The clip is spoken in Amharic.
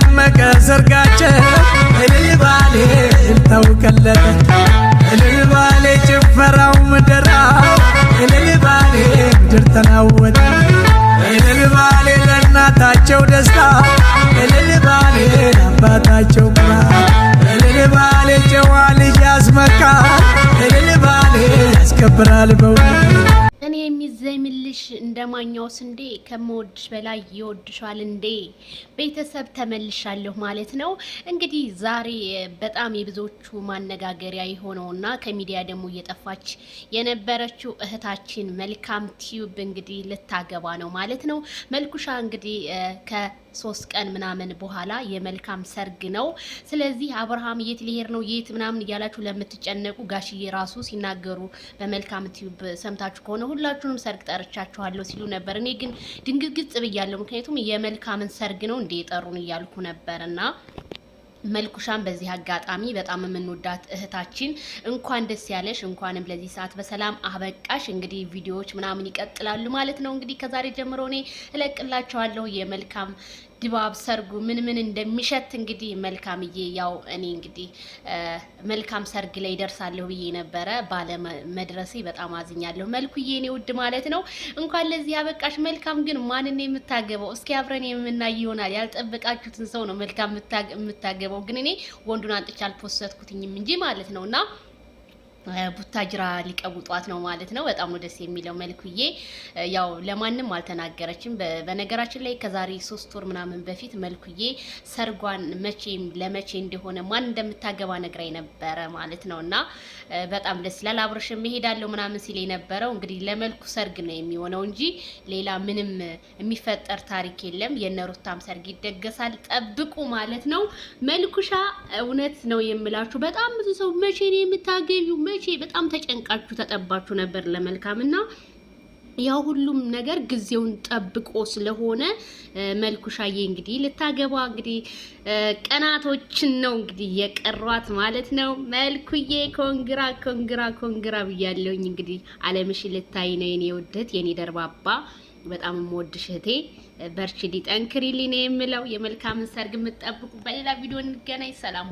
ደመቀ ሰርጋቸው እልልባሌ እልል እልልባሌ ጭፈራው ምደራ እልል ባሌ ምድር ተናወጠ እልልባሌ ለእናታቸው ደስታ እልል ባሌ አባታቸው ኩራት እልልባሌ ጨዋ ልጅ ያስመካ ባሌ ያስከብራል በውነ ልሽ እንደማኛው ስንዴ ከመወድሽ በላይ ይወድሻል እንዴ! ቤተሰብ ተመልሻለሁ ማለት ነው። እንግዲህ ዛሬ በጣም የብዙዎቹ ማነጋገሪያ የሆነውና ከሚዲያ ደግሞ እየጠፋች የነበረችው እህታችን መልካም ቲዩብ እንግዲህ ልታገባ ነው ማለት ነው። መልኩሻ እንግዲህ ሶስት ቀን ምናምን በኋላ የመልካም ሰርግ ነው። ስለዚህ አብርሃም የት ሊሄድ ነው የት ምናምን እያላችሁ ለምትጨነቁ ጋሽዬ ራሱ ሲናገሩ በመልካም ቲዩብ ሰምታችሁ ከሆነ ሁላችሁንም ሰርግ ጠርቻችኋለሁ ሲሉ ነበር። እኔ ግን ድንግግጽ ብያለሁ፣ ምክንያቱም የመልካምን ሰርግ ነው እንደ የጠሩን እያልኩ ነበር እና መልኩሻን በዚህ አጋጣሚ በጣም የምንወዳት እህታችን እንኳን ደስ ያለሽ፣ እንኳንም ለዚህ ሰዓት በሰላም አበቃሽ። እንግዲህ ቪዲዮዎች ምናምን ይቀጥላሉ ማለት ነው። እንግዲህ ከዛሬ ጀምሮ እኔ እለቅላቸዋለሁ የመልካም ድባብ ሰርጉ ምን ምን እንደሚሸት እንግዲህ መልካምዬ፣ ያው እኔ እንግዲህ መልካም ሰርግ ላይ ደርሳለሁ ብዬ ነበረ ባለመድረሴ በጣም አዝኛለሁ። መልኩዬ እኔ ውድ ማለት ነው እንኳን ለዚህ ያበቃሽ። መልካም ግን ማንን የምታገበው? እስኪ አብረን የምናይ ይሆናል። ያልጠበቃችሁትን ሰው ነው መልካም የምታገበው። ግን እኔ ወንዱን አንጥቼ አልፖሰትኩትኝም እንጂ ማለት ነው እና ቡታጅራ ሊቀውጧት ነው ማለት ነው። በጣም ነው ደስ የሚለው። መልኩዬ ያው ለማንም አልተናገረችም። በነገራችን ላይ ከዛሬ ሶስት ወር ምናምን በፊት መልኩዬ ሰርጓን መቼም ለመቼ እንደሆነ ማን እንደምታገባ ነግራኝ ነበረ ማለት ነው። እና በጣም ደስ ይላል። አብረሽም እሄዳለሁ ምናምን ሲል የነበረው እንግዲህ ለመልኩ ሰርግ ነው የሚሆነው እንጂ ሌላ ምንም የሚፈጠር ታሪክ የለም። የነሩታም ሰርግ ይደገሳል፣ ጠብቁ ማለት ነው። መልኩሻ እውነት ነው የምላችሁ በጣም ብዙ ሰው መቼ ነው የምታገቢው መቼ በጣም ተጨንቃችሁ ተጠባችሁ ነበር ለመልካምና ያው ሁሉም ነገር ጊዜውን ጠብቆ ስለሆነ መልኩሻዬ እንግዲህ ልታገባ እንግዲህ ቀናቶችን ነው እንግዲህ የቀሯት ማለት ነው። መልኩዬ ኮንግራ ኮንግራ ኮንግራ ብያለውኝ። እንግዲህ አለምሽ ልታይ ነው የኔ ውድት የኔ ደርባባ በጣም የምወድሽ እህቴ በርቺ፣ ሊጠንክሪልኝ ነው የምለው። የመልካምን ሰርግ የምትጠብቁ በሌላ ቪዲዮ እንገናኝ። ሰላም